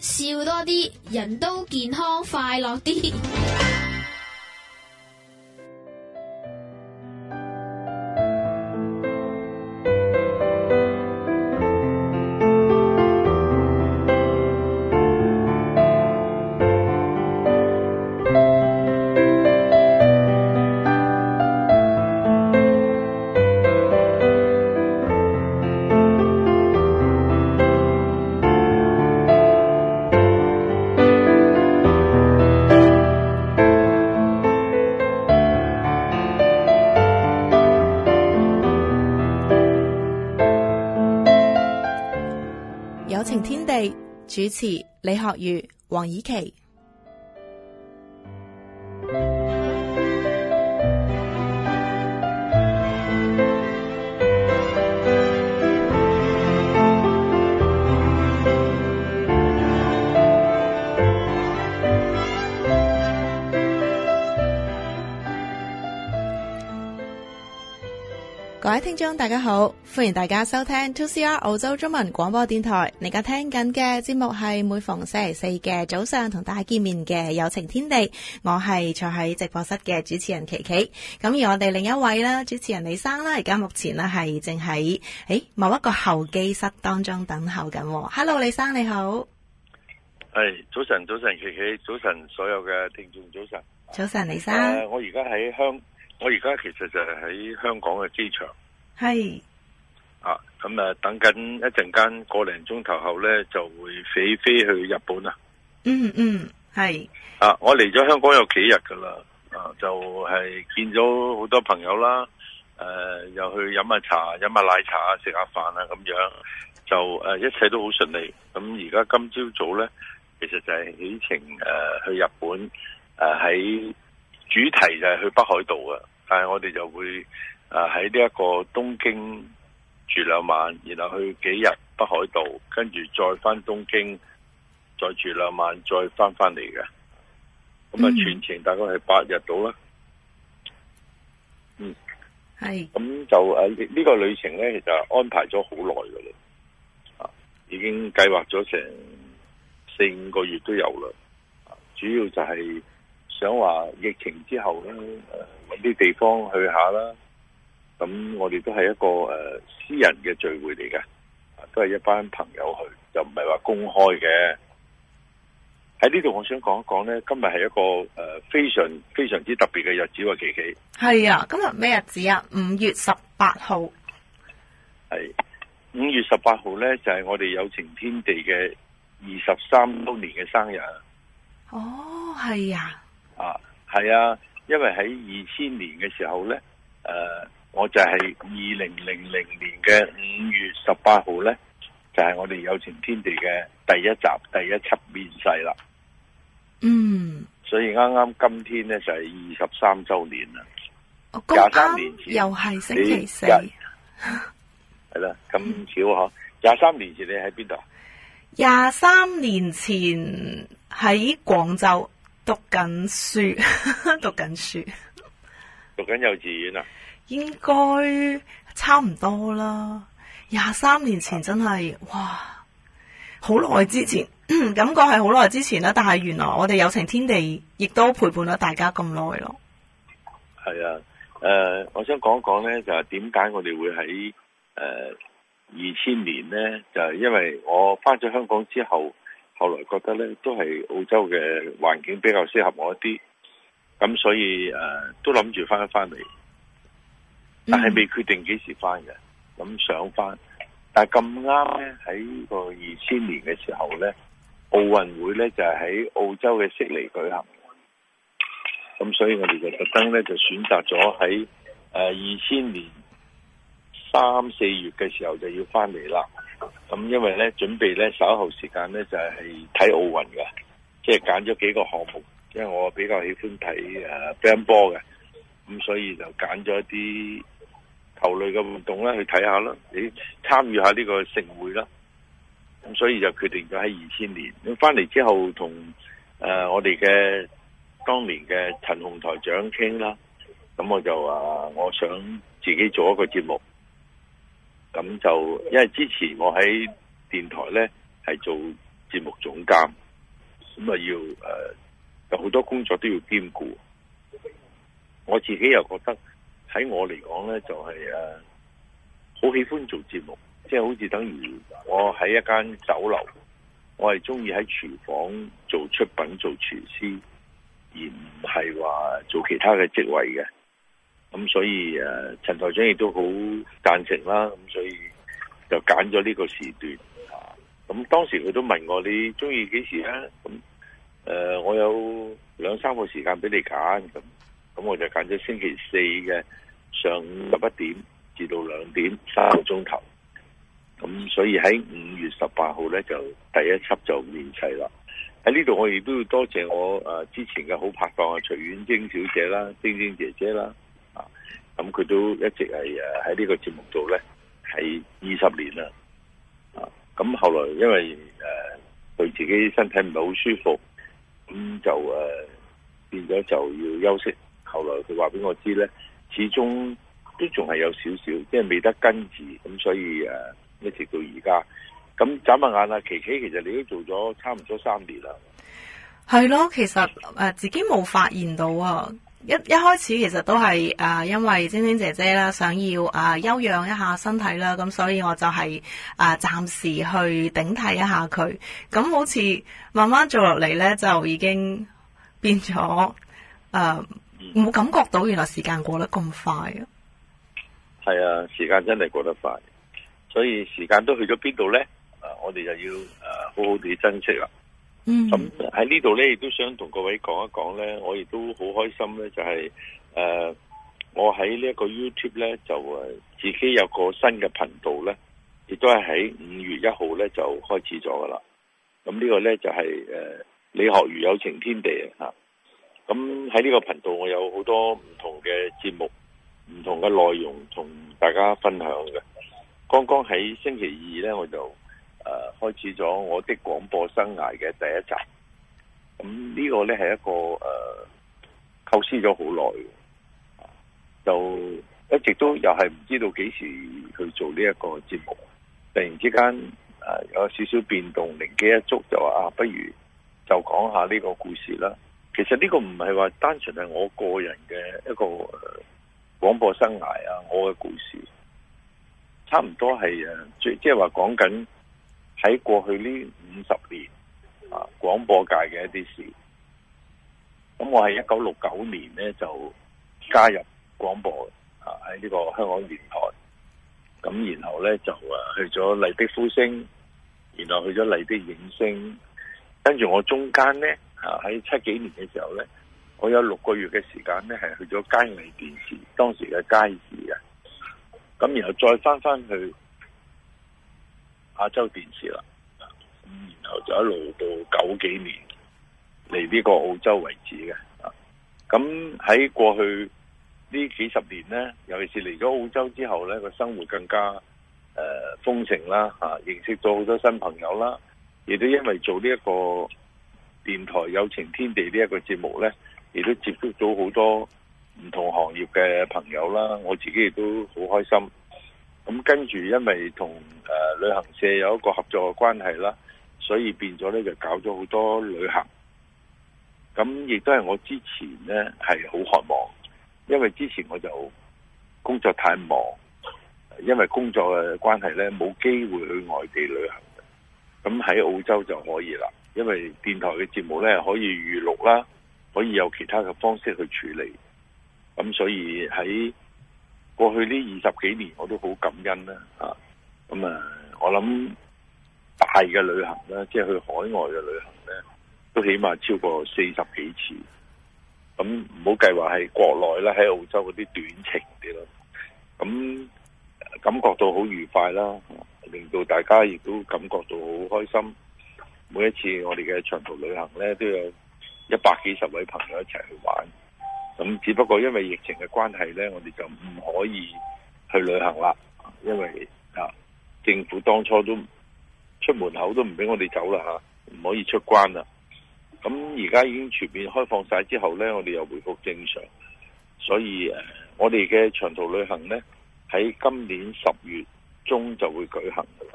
笑多啲，人都健康快樂啲。主持李學儒、黃綺琪。各位聽眾大家好，歡迎大家收聽 Two CR 澳洲中文廣播電台。你而家聽緊嘅節目係每逢星期四嘅早上同大家見面嘅友情天地。我係坐喺直播室嘅主持人琪琪，咁而我哋另一位啦，主持人李生啦，而家目前呢，係正喺誒某一個候機室當中等候緊。Hello，李生你好。係早晨，早晨琪琪，早晨所有嘅聽眾早晨。早晨，李生。Uh, 我而家喺香。我而家其實就係喺香港嘅機場，係啊是，咁啊等緊一陣間個零鐘頭後咧，就會起飛去日本啦。嗯嗯，係啊、嗯嗯、啊，我嚟咗香港有幾日噶啦，啊就係、是、見咗好多朋友啦，誒、啊、又去飲下茶、飲下奶茶啊、食下飯啊咁樣，就誒、啊、一切都好順利。咁而家今朝早咧，其實就係起程誒、啊、去日本誒喺。啊在主題就係去北海道啊，但係我哋就會啊喺呢一個東京住兩晚，然後去幾日北海道，跟住再返東京，再住兩晚，再返返嚟嘅。咁啊，全程大概係八日度啦。嗯，係、嗯。咁是就誒呢個旅程呢，其實安排咗好耐㗎喇，啊已經計劃咗成四五個月都有啦，主要就係、是。想話疫情之後咧，搵啲地方去下啦。咁我哋都係一個誒、呃、私人嘅聚會嚟嘅，都係一班朋友去，就唔係話公開嘅。喺呢度我想講一講咧，今日係一個誒非常非常之特別嘅日子喎，琪琪。係啊，今日咩日子啊？五月十八號。係五月十八號咧，就係、是、我哋有情天地嘅二十三周年嘅生日。哦，係啊。啊，係啊，因為喺二千年嘅時候咧，誒、呃，我就係二零零零年嘅五月十八號咧，就係、是、我哋有情天地嘅第一集第一輯面世啦。嗯，所以啱啱今天咧就係二十三周年啦，廿三、嗯、年前又係星期四，係啦日，咁巧嗬？廿三、嗯、年前你喺邊度？廿三年前喺廣州。讀緊書，讀緊書，讀緊幼稚園啊！應該差唔多啦。廿三年前真係哇，好耐之前，感覺係好耐之前啦。但係原來我哋有情天地亦都陪伴咗大家咁耐咯。係啊，誒、呃，我想講講講咧，就係點解我哋會喺誒二千年咧，就係因為我翻咗香港之後。後來覺得咧都係澳洲嘅環境比較適合我一啲，咁所以誒、啊、都諗住翻一翻嚟，但係未決定幾時翻嘅，咁想翻，但係咁啱咧喺呢個二千年嘅時候咧，奧運會咧就係、是、喺澳洲嘅悉尼舉行，咁所以我哋就特登咧就選擇咗喺誒二千年三四月嘅時候就要翻嚟啦。咁、嗯、因為咧，準備咧，稍後時間咧就係睇奧運㗎，即係揀咗幾個項目，因為我比較喜歡睇誒兵波嘅。咁、啊嗯、所以就揀咗一啲球類嘅運動呢去睇下啦。你參與下呢個盛會啦，咁、嗯、所以就決定咗喺二千年。咁翻嚟之後，同、呃、誒我哋嘅當年嘅陳洪台長傾啦，咁、嗯、我就話我想自己做一個節目。咁就，因為之前我喺電台呢係做節目總監，咁啊要誒、呃、有好多工作都要兼顧。我自己又覺得喺我嚟講呢，就係誒好喜歡做節目，即、就、係、是，好似等於我喺一間酒樓，我係中意喺廚房做出品做廚師，而唔係話做其他嘅職位嘅。咁所以誒、啊，陳台長亦都好贊成啦。咁所以就揀咗呢個時段嚇。咁當時佢都問我，你中意幾時啊？咁誒、呃，我有兩三個時間俾你揀。咁咁我就揀咗星期四嘅上午十一點至到兩點三個鐘頭。咁所以喺五月十八號咧，就第一輯就面世啦。喺呢度我亦都要多謝我誒、啊、之前嘅好拍檔啊，徐婉晶小姐啦、晶晶姐姐啦。咁佢、嗯、都一直係誒喺呢個節目度咧，係二十年啦。啊，咁、嗯、後來因為誒佢、啊、自己身體唔係好舒服，咁、嗯、就誒、啊、變咗就要休息。後來佢話俾我知咧，始終都仲係有少少，即、就、係、是、未得根治，咁、嗯、所以誒一、啊、直到而家。咁眨下眼啦，琪琪，其實你都做咗差唔多三年啦。係咯，其實誒自己冇發現到啊。一一開始其實都係誒、啊，因為晶晶姐姐啦，想要誒休養一下身體啦，咁所以我就係誒暫時去頂替一下佢。咁好似慢慢做落嚟咧，就已經變咗誒，冇、啊、感覺到原來時間過得咁快啊！係、嗯、啊，時間真係過得快，所以時間都去咗邊度咧？誒，我哋就要誒好好地珍惜啦。嗯，咁喺呢度咧，亦都想同各位講一講咧，我亦都好開心咧、就是呃，就係誒，我喺呢一個 YouTube 咧，就誒自己有個新嘅頻道咧，亦都係喺五月一號咧就開始咗噶啦。咁呢個咧就係、是、誒，李、呃、學儒有情天地啊。咁喺呢個頻道，我有好多唔同嘅節目、唔同嘅內容同大家分享嘅。剛剛喺星期二咧，我就。誒、啊、開始咗我的廣播生涯嘅第一集，咁呢個呢，係一個誒、啊、構思咗好耐，就一直都又係唔知道幾時去做呢一個節目，突然之間誒、啊、有少少變動，靈機一觸就話啊，不如就講下呢個故事啦。其實呢個唔係話單純係我個人嘅一個啊、廣播生涯啊，我嘅故事，差唔多係誒即係話講緊。就是喺過去呢五十年啊，廣播界嘅一啲事。咁我係一九六九年咧就加入廣播啊，喺呢個香港電台。咁然後咧就啊去咗麗的呼聲，然後去咗麗的映聲。跟住我中間咧啊喺七幾年嘅時候咧，我有六個月嘅時間咧係去咗佳藝電視，當時嘅佳藝。嘅。咁然後再翻翻去。亞洲電視啦，然後就一路到九幾年嚟呢個澳洲為止嘅。咁喺過去呢幾十年呢，尤其是嚟咗澳洲之後呢，個生活更加誒豐盛啦吓，啊，認識咗好多新朋友啦，亦都因為做呢一個電台《有情天地》呢一個節目呢，亦都接觸到好多唔同行業嘅朋友啦，我自己亦都好開心。咁跟住，因為同旅行社有一個合作嘅關係啦，所以變咗咧就搞咗好多旅行。咁亦都係我之前咧係好渴望，因為之前我就工作太忙，因為工作嘅關係咧冇機會去外地旅行。咁喺澳洲就可以啦，因為電台嘅節目咧可以預錄啦，可以有其他嘅方式去處理。咁所以喺過去呢二十幾年我都好感恩啦，啊，咁啊，我諗大嘅旅行呢即係去海外嘅旅行咧，都起碼超過四十幾次。咁唔好計劃係國內啦，喺澳洲嗰啲短程啲咯。咁感覺到好愉快啦，令到大家亦都感覺到好開心。每一次我哋嘅長途旅行咧，都有一百幾十位朋友一齊去玩。咁只不過因為疫情嘅關係咧，我哋就唔可以去旅行啦，因為啊，政府當初都出門口都唔俾我哋走啦吓、啊，唔可以出關啦。咁而家已經全面開放晒之後咧，我哋又回復正常，所以誒、啊，我哋嘅長途旅行咧喺今年十月中就會舉行噶啦，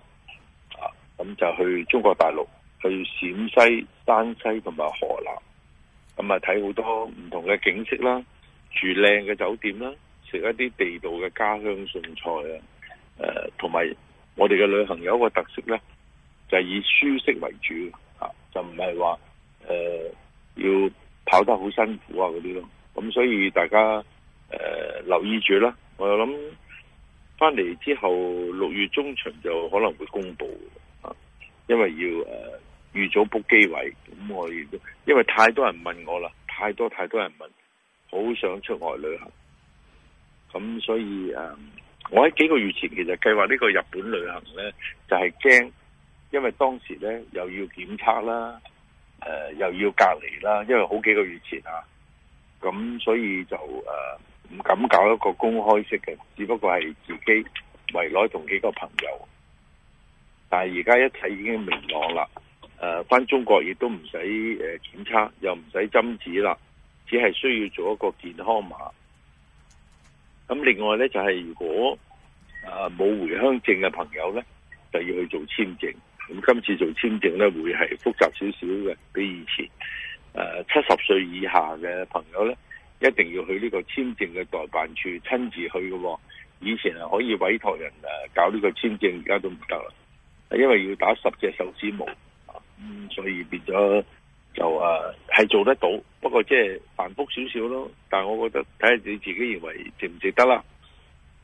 啊，咁就去中國大陸、去陝西、山西同埋河南。咁啊睇好多唔同嘅景色啦，住靚嘅酒店啦，食一啲地道嘅家鄉餸菜啊，誒、呃，同埋我哋嘅旅行有一個特色咧，就係以舒適為主啊，就唔係話誒要跑得好辛苦啊嗰啲咯。咁所以大家誒、呃、留意住啦。我又諗翻嚟之後六月中旬就可能會公布啊，因為要誒。呃預早 book 機位，咁我因為太多人問我啦，太多太多人問，好想出外旅行。咁所以誒，我喺幾個月前其實計劃呢個日本旅行呢，就係驚，因為當時呢又要檢測啦，誒又要隔離啦，因為好幾個月前啊，咁所以就誒唔敢搞一個公開式嘅，只不過係自己圍內同幾個朋友。但係而家一切已經明朗啦。誒，返、啊、中國亦都唔使誒檢測，又唔使針紙啦，只係需要做一個健康碼。咁另外呢，就係、是、如果誒冇、啊、回鄉證嘅朋友呢，就要去做簽證。咁今次做簽證呢，會係複雜少少嘅，比以前。誒，七十歲以下嘅朋友呢，一定要去呢個簽證嘅代辦處親自去嘅、哦。以前係可以委託人誒搞呢個簽證，而家都唔得啦，因為要打十隻手指模。嗯，所以變咗就誒係、啊、做得到，不過即係繁複少少咯。但係我覺得睇下你自己認為值唔值得啦。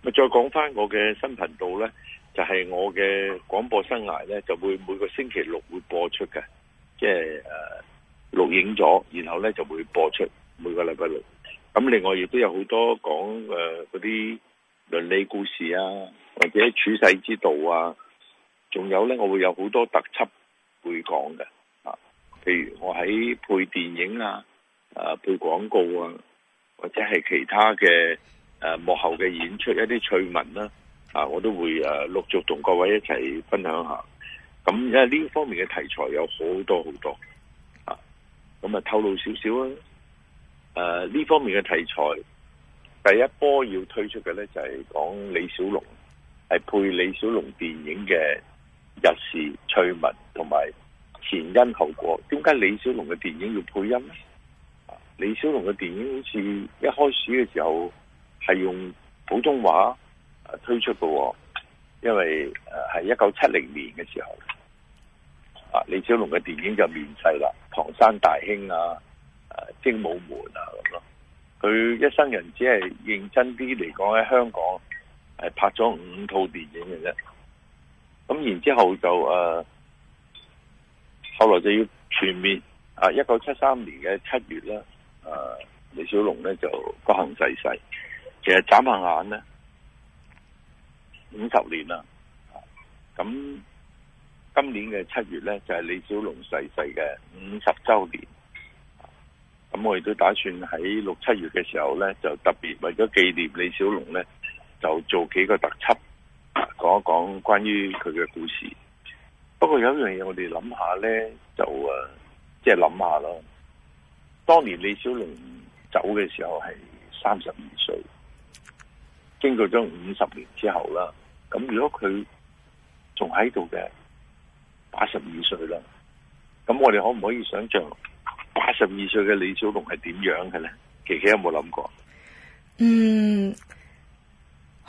再講翻我嘅新頻道呢，就係、是、我嘅廣播生涯呢，就會每個星期六會播出嘅，即係誒錄影咗，然後呢就會播出每個禮拜六。咁另外亦都有好多講誒嗰啲倫理故事啊，或者處世之道啊，仲有呢，我會有好多特輯。會講嘅啊，譬如我喺配電影啊，誒配廣告啊，或者係其他嘅誒幕後嘅演出一啲趣聞啦，啊我都會誒陸續同各位一齊分享下，咁因為呢方面嘅題材有好多好多啊，咁啊透露少少啊，誒呢方面嘅題材第一波要推出嘅咧，就係講李小龍，係配李小龍電影嘅。日時趣聞同埋前因後果，點解李小龍嘅電影要配音呢？李小龍嘅電影好似一開始嘅時候係用普通話誒推出嘅，因為誒係一九七零年嘅時候，啊李小龍嘅電影就面世啦，《唐山大兄》啊，《精武門》啊咁咯。佢一生人只係認真啲嚟講喺香港係拍咗五套電影嘅啫。咁然之後就誒、啊，後來就要全面啊！一九七三年嘅七月咧，誒、啊，李小龍咧就不幸逝世。其實眨下眼咧，五十年啦，咁今年嘅七月咧就係、是、李小龍逝世嘅五十周年。咁我亦都打算喺六七月嘅時候咧，就特別為咗紀念李小龍咧，就做幾個特輯。講一講關於佢嘅故事。不過有一樣嘢，我哋諗下咧，就誒，即係諗下咯。當年李小龍走嘅時候係三十二歲，經過咗五十年之後啦。咁如果佢仲喺度嘅八十二歲啦，咁我哋可唔可以想象八十二歲嘅李小龍係點樣嘅咧？琪琪有冇諗過？嗯。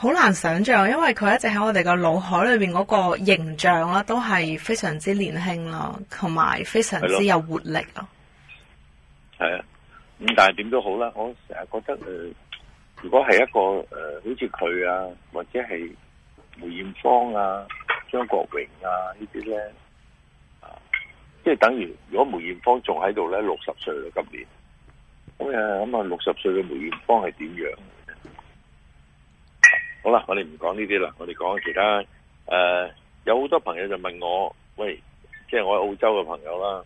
好難想象，因為佢一直喺我哋嘅腦海裏邊嗰個形象啦，都係非常之年輕啦，同埋非常之有活力咯。係啊，咁、嗯、但係點都好啦，我成日覺得誒、呃，如果係一個誒、呃，好似佢啊，或者係梅艷芳啊、張國榮啊呢啲咧，啊，即係、就是、等於如果梅艷芳仲喺度咧，六十歲咯，今年，咁啊，咁、嗯、啊，六十歲嘅梅艷芳係點樣的？好啦，我哋唔講呢啲啦，我哋講其他。誒、呃，有好多朋友就問我，喂，即係我喺澳洲嘅朋友啦，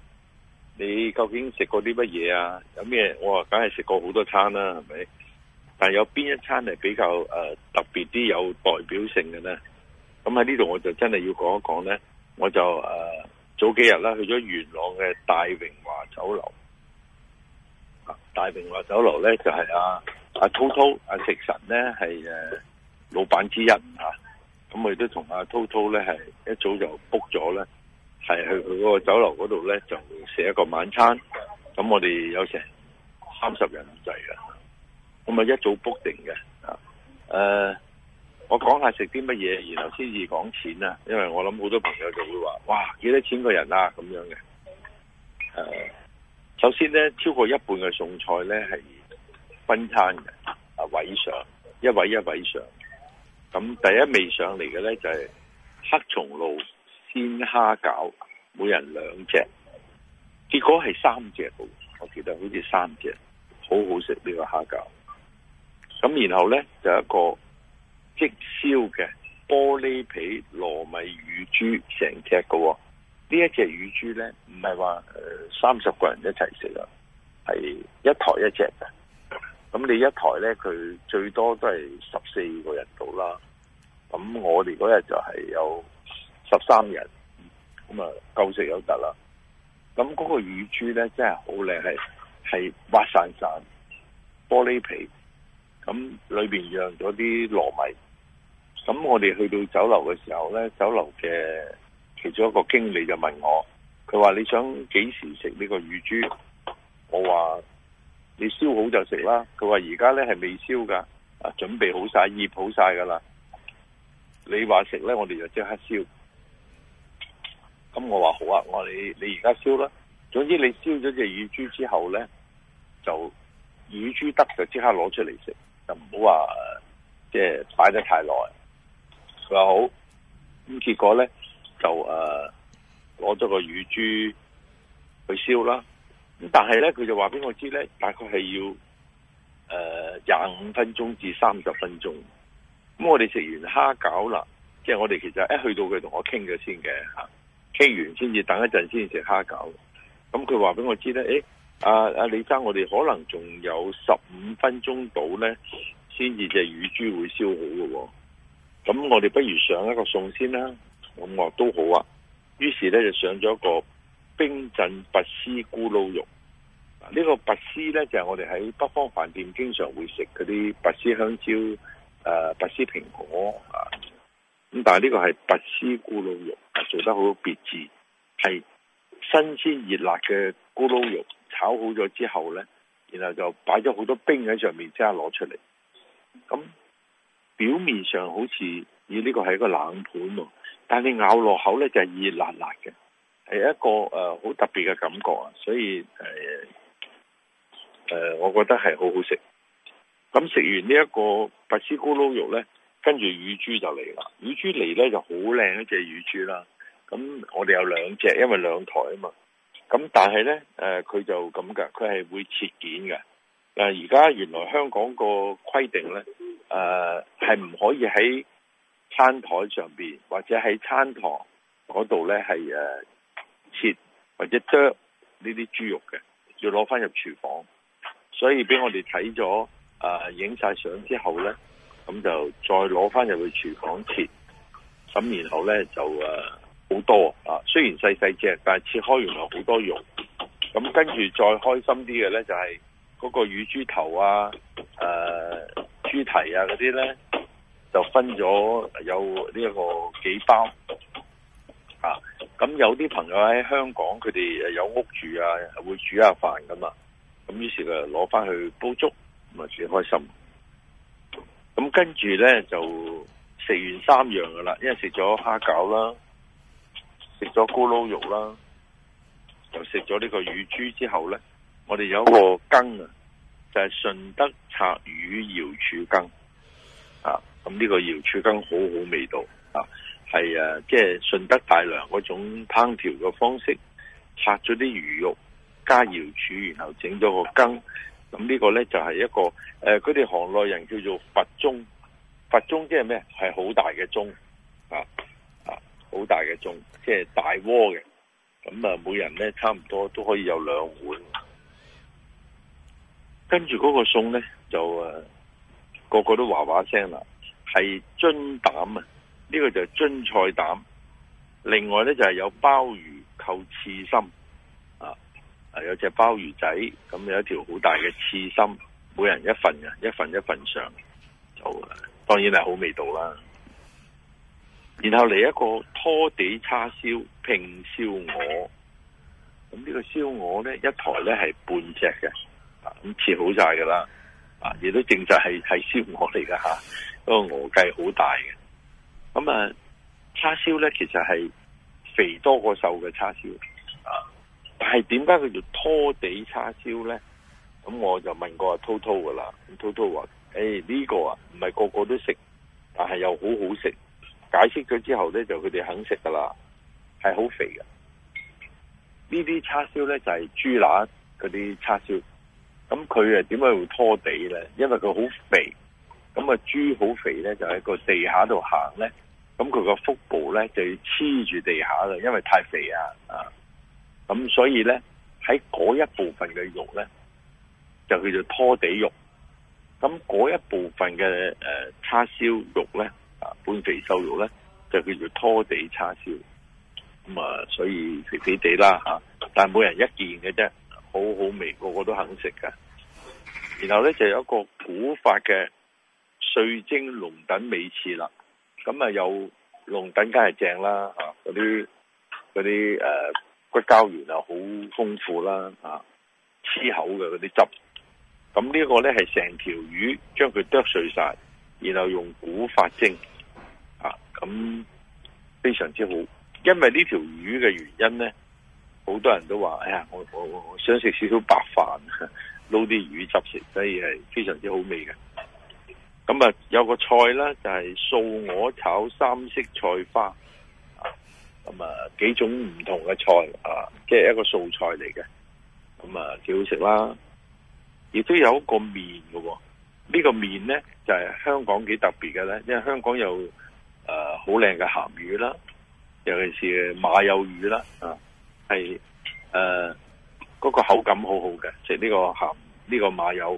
你究竟食過啲乜嘢啊？有咩？我話梗係食過好多餐啦，係咪？但係有邊一餐係比較誒、呃、特別啲、有代表性嘅咧？咁喺呢度我就真係要講一講咧。我就誒、呃、早幾日啦，去咗元朗嘅大榮華酒樓、啊。大榮華酒樓咧就係阿阿韜韜阿食神咧係誒。老闆之一嚇、啊，咁我哋都同阿濤濤咧係一早就 book 咗咧，係去佢嗰個酒樓嗰度咧就食一個晚餐，咁我哋有成三十人制嘅。咁咪一早 book 定嘅啊，誒，我講下食啲乜嘢，然後先至講錢啦，因為我諗好多朋友就會話，哇幾多錢個人啊咁樣嘅，誒、啊，首先咧超過一半嘅餸菜咧係分餐嘅，啊位上一位一位上。咁第一味上嚟嘅呢，就係黑松露鮮蝦餃，每人兩隻，結果係三隻，我記得好似三隻，好好食呢個蝦餃。咁然後呢，就一個即燒嘅玻璃皮糯米乳豬成隻嘅，呢一隻乳豬呢，唔係話三十個人一齊食啊，係一台一隻。咁你一台呢，佢最多都係十四個人到啦。咁我哋嗰日就係有十三人，咁啊夠食有得啦。咁嗰個乳豬呢，真係好靚，係係滑潺潺玻璃皮。咁裏邊釀咗啲糯米。咁我哋去到酒樓嘅時候呢，酒樓嘅其中一個經理就問我，佢話你想幾時食呢個乳豬？我話。你燒好就食啦，佢話而家咧係未燒噶啊準備好晒、醃好晒噶啦。你話食咧，我哋就即刻燒。咁我話好啊，我話你你而家燒啦。總之你燒咗隻乳豬之後咧，就乳豬得就即刻攞出嚟食，就唔好話即係擺得太耐。佢話好，咁結果咧就誒，攞、呃、咗個乳豬去燒啦。咁但係咧，佢就話俾我知咧，大概係要誒廿五分鐘至三十分鐘。咁我哋食完蝦餃啦，即係我哋其實一、啊、去到佢同我傾咗先嘅吓，傾完先至等一陣先食蝦餃。咁佢話俾我知咧，誒、欸，阿阿李生，我哋可能仲有十五分鐘到咧，先至隻乳豬會燒好嘅。咁我哋不如上一個餸先啦。咁我話都好啊。於是咧就上咗一個冰鎮拔絲咕嚕肉。呢個拔絲咧就係我哋喺北方飯店經常會食嗰啲拔絲香蕉，誒、呃、拔絲蘋果啊，咁但係呢個係拔絲咕嚕肉，做得好別致，係新鮮熱辣嘅咕嚕肉炒好咗之後咧，然後就擺咗好多冰喺上面，即刻攞出嚟。咁、嗯、表面上好似以呢個係一個冷盤喎，但係你咬落口咧就係、是、熱辣辣嘅，係一個誒好、呃、特別嘅感覺啊，所以誒。呃誒、呃，我覺得係好好食。咁、嗯、食完呢一個白絲咕嚕肉呢，跟住乳豬就嚟啦。乳豬嚟呢就好靚一隻乳豬啦。咁、嗯、我哋有兩隻，因為兩台啊嘛。咁、嗯、但係呢，誒、呃、佢就咁噶，佢係會切件嘅。誒而家原來香港個規定呢，誒係唔可以喺餐台上邊或者喺餐堂嗰度呢係誒、呃、切或者剁呢啲豬肉嘅，要攞翻入廚房。所以俾我哋睇咗，啊，影晒相之後呢，咁就再攞返入去廚房切，咁然後呢，就誒好、啊、多啊，雖然細細隻，但係切開原來好多肉。咁跟住再開心啲嘅呢，就係、係、嗰個乳豬頭啊、誒、啊、豬蹄啊嗰啲呢，就分咗有呢一個幾包啊。咁有啲朋友喺香港，佢哋有屋住啊，會煮下飯㗎嘛。咁於是就攞翻去煲粥，咁啊自己開心。咁跟住咧就食完三樣噶啦，因為食咗蝦餃啦，食咗咕嚕肉啦，就食咗呢個乳豬。之後咧，我哋有個個羹啊，就係、是、順德拆魚瑤柱羹啊。咁呢個瑤柱羹好好味道啊，係啊，即係順德大良嗰種烹調嘅方式，拆咗啲魚肉。加瑤柱，然後整咗個羹，咁呢個呢就係、是、一個誒，佢、呃、哋行內人叫做佛鐘，佛鐘即係咩？係好大嘅鐘，啊啊，好大嘅鐘，即、就、係、是、大鍋嘅，咁啊，每人呢，差唔多都可以有兩碗。跟住嗰個餸呢，就誒、啊，個個都話話聲啦，係津膽啊，呢、這個就係津菜膽，另外呢，就係、是、有鮑魚、扣刺身。有隻鮑魚仔，咁有一條好大嘅刺身，每人一份呀，一份一份上，就當然係好味道啦。然後嚟一個拖地叉燒拼燒鵝，咁呢個燒鵝咧一台咧係半隻嘅，咁、啊、切好晒噶啦，啊亦都淨就係係燒鵝嚟噶吓，嗰個鵝計好大嘅，咁啊叉燒咧其實係肥多過瘦嘅叉燒。但係點解佢叫拖地叉燒呢？咁我就問過阿濤濤噶啦，咁濤濤話：誒呢個啊，唔係個個都食，但係又好好食。解釋咗之後呢，就佢哋肯食噶啦。係好肥嘅，呢啲叉燒呢，就係豬乸嗰啲叉燒。咁佢啊點解會拖地呢？因為佢好肥。咁啊豬好肥呢，就喺個地下度行呢。咁佢個腹部呢，就要黐住地下啦，因為太肥啊啊！咁所以咧，喺嗰一部分嘅肉咧，就叫做拖地肉。咁嗰一部分嘅誒、呃、叉燒肉咧，啊半肥瘦肉咧，就叫做拖地叉燒。咁啊，所以肥肥哋啦、啊、但係每人一件嘅啫，好好味，個個都肯食㗎。然後咧就有一個古法嘅碎蒸龍躉尾翅啦。咁啊有龍躉梗係正啦嚇嗰啲嗰啲誒。骨膠原啊，好豐富啦，啊，黐口嘅嗰啲汁，咁呢個咧係成條魚，將佢剁碎晒，然後用古法蒸，啊，咁非常之好，因為呢條魚嘅原因咧，好多人都話，哎呀，我我我想食少少白飯，撈啲魚汁食，所以係非常之好味嘅。咁啊，有個菜啦，就係素鵝炒三色菜花。咁啊、嗯，幾種唔同嘅菜啊，即係一個素菜嚟嘅，咁啊幾好食啦，亦都有一個麵嘅喎。這個、麵，呢個麵咧就係、是、香港幾特別嘅咧，因為香港有誒好靚嘅鹹魚啦，尤其是馬友魚啦，啊係誒嗰個口感好好嘅，食、這、呢個鹹，呢個馬友，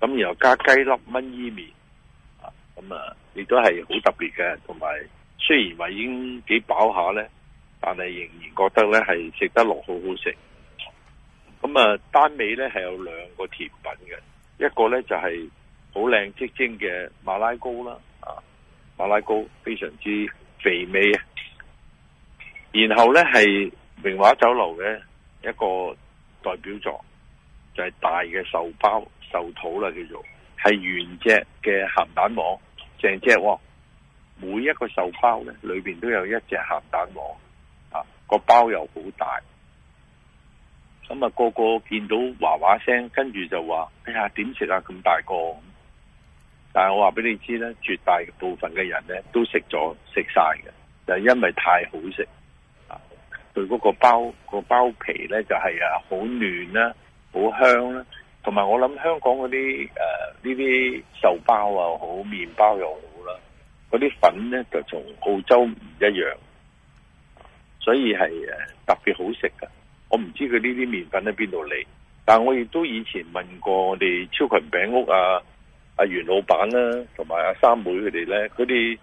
咁、嗯、然後加雞粒炆伊麵，啊咁、嗯、啊亦都係好特別嘅，同埋雖然話已經幾飽下咧。但係仍然覺得咧係食得落，好好食，咁啊單尾咧係有兩個甜品嘅，一個咧就係好靚即蒸嘅馬拉糕啦，啊馬拉糕非常之肥美，啊。然後咧係榮華酒樓嘅一個代表作就係大嘅壽包壽桃啦，叫做係原隻嘅鹹蛋黃，成隻喎，每一個壽包嘅裏邊都有一隻鹹蛋黃。個包又好大，咁、那、啊個個見到嘩嘩聲，跟住就話：哎呀，點食啊咁大個！但係我話俾你知咧，絕大部分嘅人咧都食咗食晒嘅，就是、因為太好食啊！佢、那、嗰個包、那個包皮咧就係、是、啊好嫩啦，好香啦、啊，同埋我諗香港嗰啲誒呢啲壽包又好，麵包又好啦，嗰啲粉咧就同澳洲唔一樣。所以係誒特別好食噶，我唔知佢呢啲麵粉喺邊度嚟，但係我亦都以前問過我哋超群餅屋啊阿袁老闆啦、啊，同埋阿三妹佢哋咧，佢哋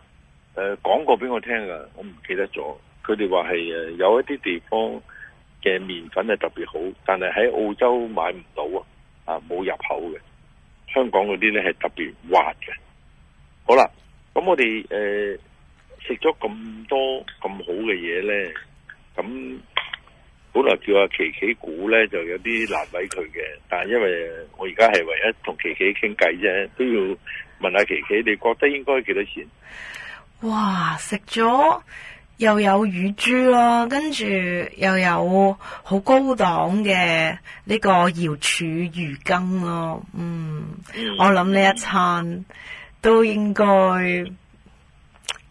誒講過俾我聽噶，我唔記得咗，佢哋話係誒有一啲地方嘅麵粉係特別好，但係喺澳洲買唔到啊，啊冇入口嘅，香港嗰啲咧係特別滑嘅。好啦，咁我哋誒食咗咁多咁好嘅嘢咧。咁本來叫阿琪琪估咧，就有啲難為佢嘅。但係因為我而家係唯一同琪琪傾偈啫，都要問下琪琪，你覺得應該幾多錢？哇！食咗又有乳豬咯跟住又有好高檔嘅呢個瑤柱魚羹咯，啊。嗯，嗯我諗呢一餐都應該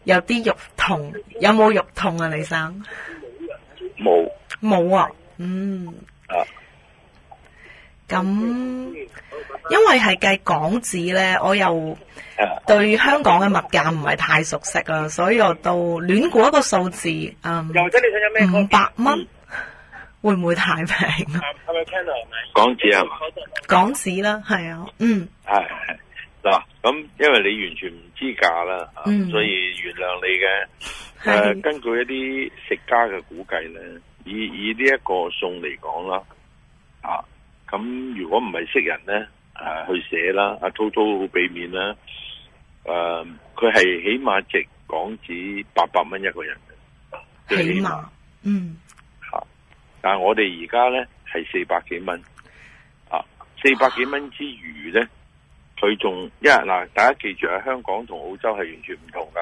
有啲肉痛，嗯，有冇肉痛啊，李生？冇冇啊，嗯，啊，咁、嗯、因為係計港紙咧，我又對香港嘅物價唔係太熟悉啊，所以我到亂估一個數字，嗯，五百蚊會唔會太平？係咪？港紙啊？港紙啦，係啊，嗯，係嗱、哎，咁因為你完全唔知價啦，所以原諒你嘅。誒、啊，根據一啲食家嘅估計咧，以以呢一個餸嚟講啦，啊，咁如果唔係識人咧，誒、啊、去寫啦，阿濤濤好俾面啦，誒、啊，佢係起碼值港紙八百蚊一個人，起碼，嗯，吓、啊，但係我哋而家咧係四百幾蚊，啊，四百幾蚊之餘咧，佢仲一嗱，大家記住喺香港同澳洲係完全唔同噶。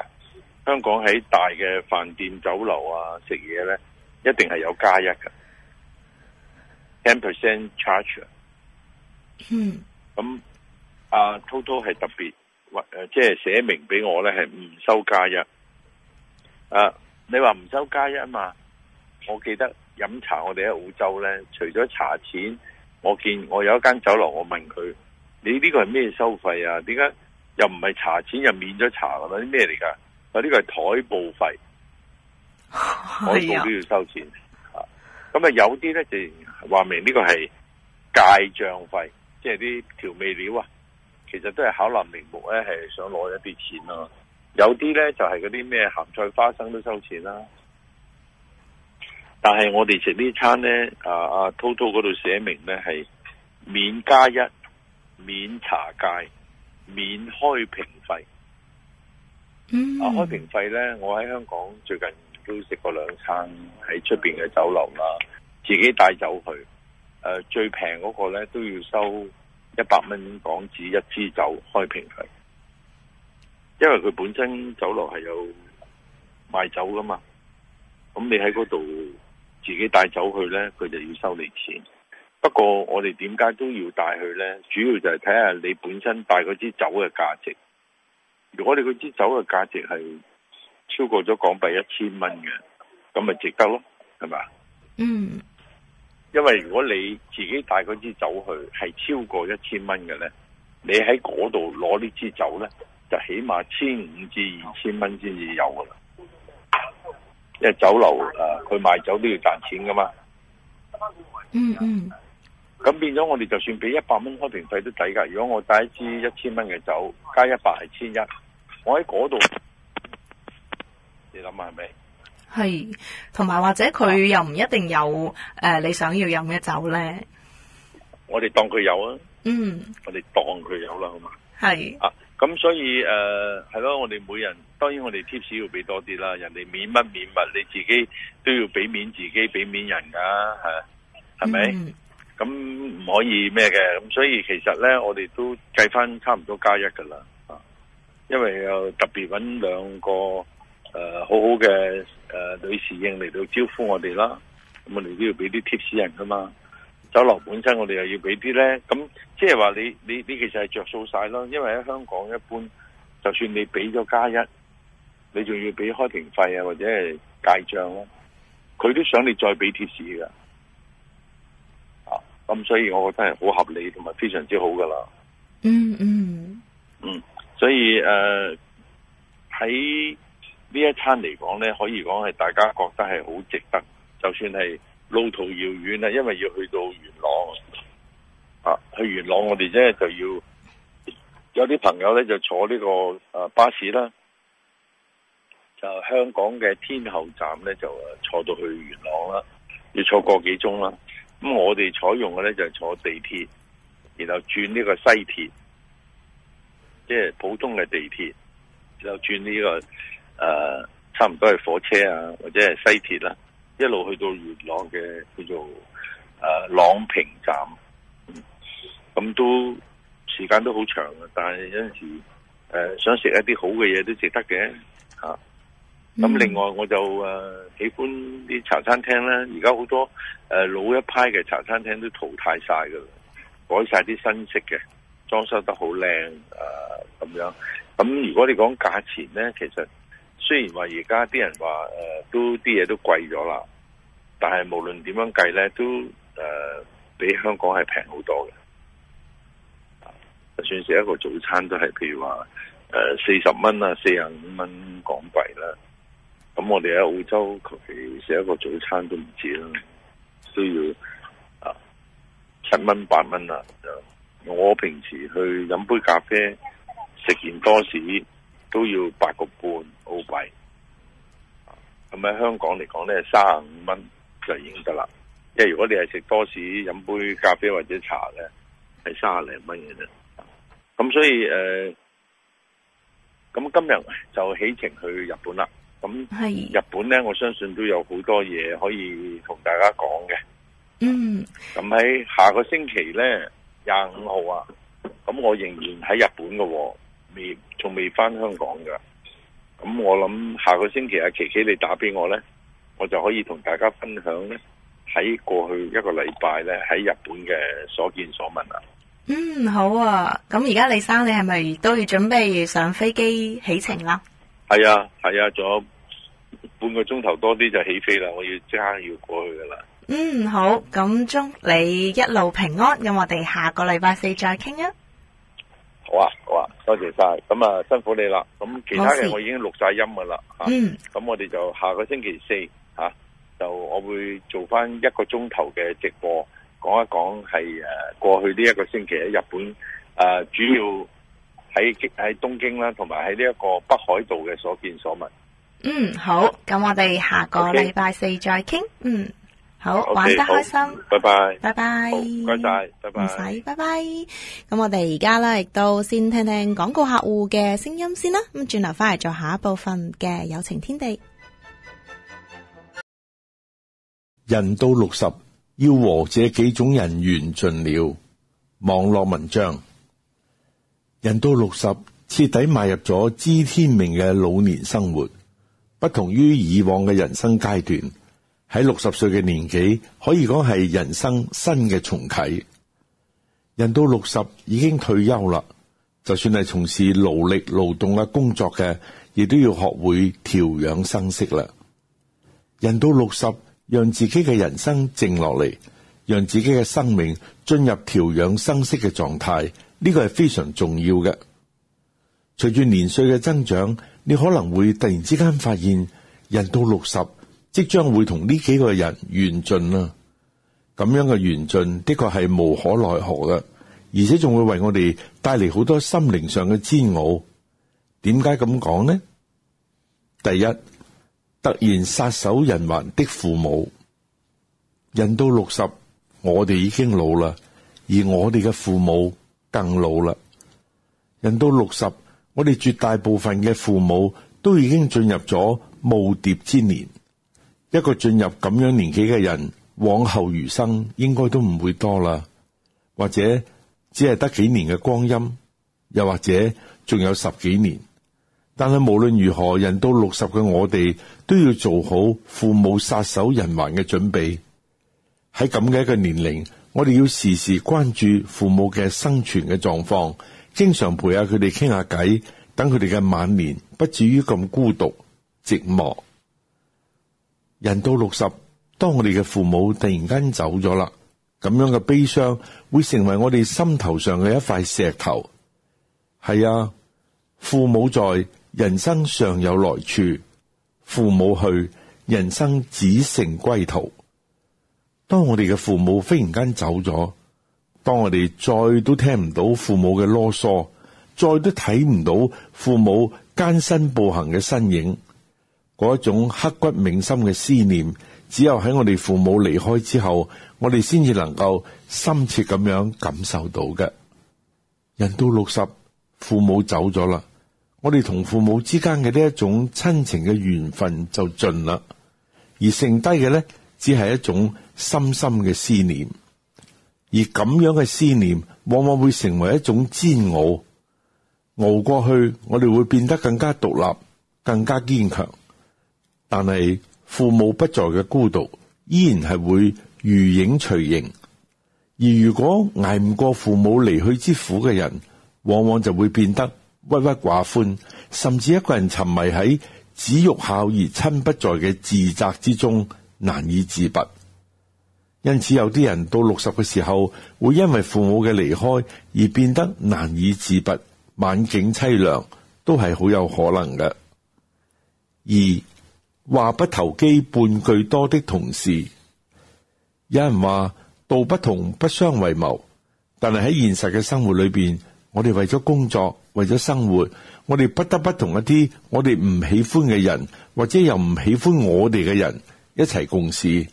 香港喺大嘅飯店酒樓啊，食嘢咧一定係有加一嘅，ten percent charge。嗯，咁、嗯、啊，滔滔係特別或誒，即係寫明俾我咧係唔收加一。啊，你話唔收加一嘛？我記得飲茶我哋喺澳洲咧，除咗茶錢，我見我有一間酒樓，我問佢：你呢個係咩收費啊？點解又唔係茶錢又免咗茶嘅啲咩嚟㗎？呢個係台布費，台布都要收錢啊！咁啊，有啲咧就話明呢個係芥醬費，即係啲調味料啊，其實都係巧立名目咧，係想攞一啲錢咯、啊。有啲咧就係嗰啲咩鹹菜、花生都收錢啦、啊。但係我哋食呢餐咧，啊啊韜韜嗰度寫明咧係免加一、免茶芥、免開瓶費。啊，嗯、開瓶費呢，我喺香港最近都食過兩餐喺出邊嘅酒樓啦，自己帶酒去，誒、呃、最平嗰個呢都要收一百蚊港紙一支酒開瓶費，因為佢本身酒樓係有賣酒噶嘛，咁你喺嗰度自己帶酒去呢，佢就要收你錢。不過我哋點解都要帶去呢？主要就係睇下你本身帶嗰支酒嘅價值。如果你嗰支酒嘅價值係超過咗港幣一千蚊嘅，咁咪值得咯，係咪啊？嗯，因為如果你自己帶嗰支酒去，係超過一千蚊嘅咧，你喺嗰度攞呢支酒咧，就起碼千五至二千蚊先至有噶啦。因為酒樓誒，佢、啊、賣酒都要賺錢噶嘛。嗯嗯，咁、嗯、變咗我哋就算俾一百蚊開瓶費都抵噶。如果我帶一支一千蚊嘅酒，加一百係千一。我喺嗰度，你諗下係咪？係，同埋或者佢又唔一定有誒、呃，你想要飲嘅酒咧。我哋當佢有啊。嗯。我哋當佢有啦，好嘛？係。啊，咁所以誒，係咯，我哋每人當然我哋 tips 要俾多啲啦。人哋免乜免物，你自己都要俾面自己，俾面人噶吓、啊，係咪？咁唔、嗯、可以咩嘅？咁所以其實咧，我哋都計翻差唔多加一噶啦。因為又特別搵兩個誒、呃、好好嘅誒女侍應嚟到招呼我哋啦，咁我哋都要俾啲貼士人噶嘛。酒樓本身我哋又要俾啲咧，咁即係話你你你其實係着數晒咯。因為喺香港一般，就算你俾咗加一，你仲要俾開瓶費啊或者係計賬咯，佢都想你再俾貼士噶。啊，咁所以我覺得係好合理同埋非常之好噶啦。嗯嗯、mm hmm. 嗯。所以誒喺呢一餐嚟講咧，可以講係大家覺得係好值得，就算係路途遙遠啦，因為要去到元朗啊，去元朗我哋咧就要有啲朋友咧就坐呢個誒巴士啦，就香港嘅天后站咧就誒坐到去元朗啦，要坐個幾鐘啦。咁我哋採用嘅咧就係坐地鐵，然後轉呢個西鐵。即係普通嘅地鐵，就轉呢、這個誒、啊，差唔多係火車啊，或者係西鐵啦，一路去到元朗嘅叫做誒、啊、朗屏站，咁、嗯、都時間都好長啊。但係有陣時誒，想食一啲好嘅嘢都值得嘅吓。咁、啊、另外我就誒、啊、喜歡啲茶餐廳啦，而家好多誒、啊、老一派嘅茶餐廳都淘汰晒噶啦，改晒啲新式嘅。裝修得好靚，誒、呃、咁樣。咁如果你講價錢咧，其實雖然話而家啲人話誒、呃、都啲嘢都貴咗啦，但係無論點樣計咧，都誒、呃、比香港係平好多嘅。就算食一個早餐都係，譬如話誒四十蚊啊，四十五蚊港幣啦。咁我哋喺澳洲求其食一個早餐都唔止啦，需要啊七蚊八蚊啊就。我平時去飲杯咖啡，食完多士都要八個半澳幣，咁喺香港嚟講咧，三十五蚊就已經得啦。即係如果你係食多士、飲杯咖啡或者茶咧，係三啊零蚊嘅啫。咁所以誒，咁、呃、今日就起程去日本啦。咁日本咧，是我相信都有好多嘢可以同大家講嘅。嗯，咁喺下個星期咧。廿五號啊，咁我仍然喺日本嘅、哦，未仲未翻香港嘅。咁我諗下個星期阿、啊、琪琪你打畀我呢，我就可以同大家分享呢，喺過去一個禮拜呢，喺日本嘅所見所聞啦。嗯，好啊。咁而家李生你係咪都要準備上飛機起程啦？係啊，係啊，仲、啊、有半個鐘頭多啲就起飛啦，我要即刻要過去噶啦。嗯好，咁祝你一路平安，咁我哋下個禮拜四再傾啊！好啊好啊，多謝晒，咁啊辛苦你啦。咁其他嘅我已經錄晒音噶啦，吓，冇事。咁、啊、我哋就下個星期四吓、啊，就我會做翻一個鐘頭嘅直播，講一講係誒過去呢一個星期喺日本誒、啊、主要喺喺東京啦，同埋喺呢一個北海道嘅所見所聞。嗯好，咁我哋下個禮拜四再傾。Okay. 嗯。好 okay, 玩得開心，拜拜，拜拜，好，唔該晒，拜拜，唔使，拜拜。咁我哋而家啦，亦都先聽聽廣告客戶嘅聲音先啦。咁轉頭翻嚟做下一部分嘅有情天地。人到六十要和這幾種人緣盡了。網絡文章，人到六十徹底邁入咗知天命嘅老年生活，不同於以往嘅人生階段。喺六十歲嘅年紀，可以講係人生新嘅重啟。人到六十已經退休啦，就算係從事勞力勞動嘅工作嘅，亦都要學會調養生息啦。人到六十，讓自己嘅人生靜落嚟，讓自己嘅生命進入調養生息嘅狀態，呢個係非常重要嘅。隨住年歲嘅增長，你可能會突然之間發現，人到六十。即將會同呢幾個人緣盡啦，啊，咁樣嘅緣盡，的確係無可奈何啦。而且仲會為我哋帶嚟好多心靈上嘅煎熬。點解咁講呢？第一，突然撒手人寰的父母，人到六十，我哋已經老啦，而我哋嘅父母更老啦。人到六十，我哋絕大部分嘅父母都已經進入咗耄耋之年。一個進入咁樣年紀嘅人，往後餘生應該都唔會多啦，或者只係得幾年嘅光陰，又或者仲有十幾年。但係無論如何，人到六十嘅我哋都要做好父母撒手人寰嘅準備。喺咁嘅一個年齡，我哋要時時關注父母嘅生存嘅狀況，經常陪下佢哋傾下偈，等佢哋嘅晚年不至於咁孤獨寂寞。人到六十，當我哋嘅父母突然間走咗啦，咁樣嘅悲傷會成為我哋心頭上嘅一塊石頭。係啊，父母在，人生尚有來處；父母去，人生只剩歸途。當我哋嘅父母忽然間走咗，當我哋再都聽唔到父母嘅囉嗦，再都睇唔到父母艱辛步行嘅身影。嗰一種刻骨銘心嘅思念，只有喺我哋父母離開之後，我哋先至能夠深切咁樣感受到嘅。人到六十，父母走咗啦，我哋同父母之間嘅呢一種親情嘅緣分就盡啦，而剩低嘅咧，只係一種深深嘅思念。而咁樣嘅思念，往往會成為一種煎熬。熬過去，我哋會變得更加獨立，更加堅強。但係父母不在嘅孤獨依然係會如影隨形，而如果挨唔過父母離去之苦嘅人，往往就會變得鬱鬱寡歡，甚至一個人沉迷喺子欲孝而親不在嘅自責之中，難以自拔。因此，有啲人到六十嘅時候，會因為父母嘅離開而變得難以自拔，晚景淒涼，都係好有可能嘅。二。話不投機半句多的同事，有人話道不同不相為謀，但係喺現實嘅生活裏邊，我哋為咗工作，為咗生活，我哋不得不同一啲我哋唔喜歡嘅人，或者又唔喜歡我哋嘅人一齊共事。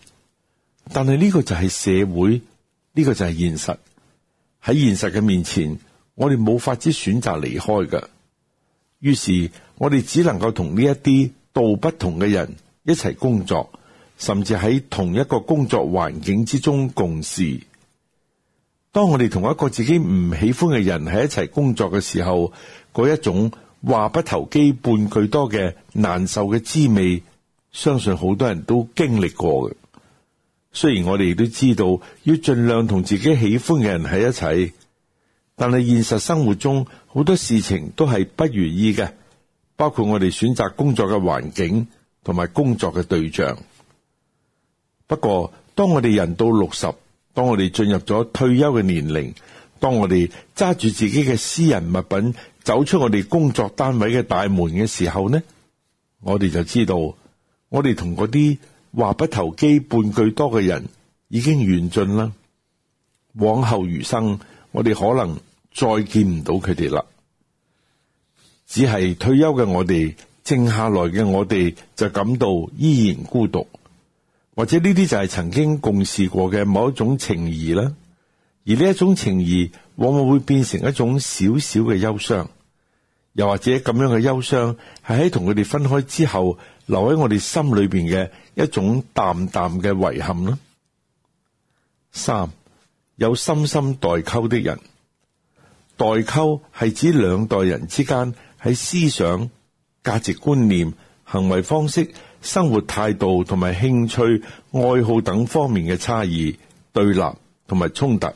但係呢個就係社會，呢個就係現實。喺現實嘅面前，我哋冇法子選擇離開嘅，於是我哋只能夠同呢一啲。道不同嘅人一齊工作，甚至喺同一個工作環境之中共事。當我哋同一個自己唔喜歡嘅人喺一齊工作嘅時候，嗰一種話不投機半句多嘅難受嘅滋味，相信好多人都經歷過嘅。雖然我哋都知道要盡量同自己喜歡嘅人喺一齊，但係現實生活中好多事情都係不如意嘅。包括我哋選擇工作嘅環境同埋工作嘅對象。不過，當我哋人到六十，當我哋進入咗退休嘅年齡，當我哋揸住自己嘅私人物品走出我哋工作單位嘅大門嘅時候呢，我哋就知道我哋同嗰啲話不投機半句多嘅人已經緣盡啦。往後餘生，我哋可能再見唔到佢哋啦。只係退休嘅我哋，靜下來嘅我哋就感到依然孤獨，或者呢啲就係曾經共事過嘅某一種情誼啦。而呢一種情誼，往往會變成一種少少嘅憂傷，又或者咁樣嘅憂傷係喺同佢哋分開之後，留喺我哋心裏邊嘅一種淡淡嘅遺憾啦。三、有深深代溝的人，代溝係指兩代人之間。喺思想、價值觀念、行為方式、生活態度同埋興趣愛好等方面嘅差異對立同埋衝突，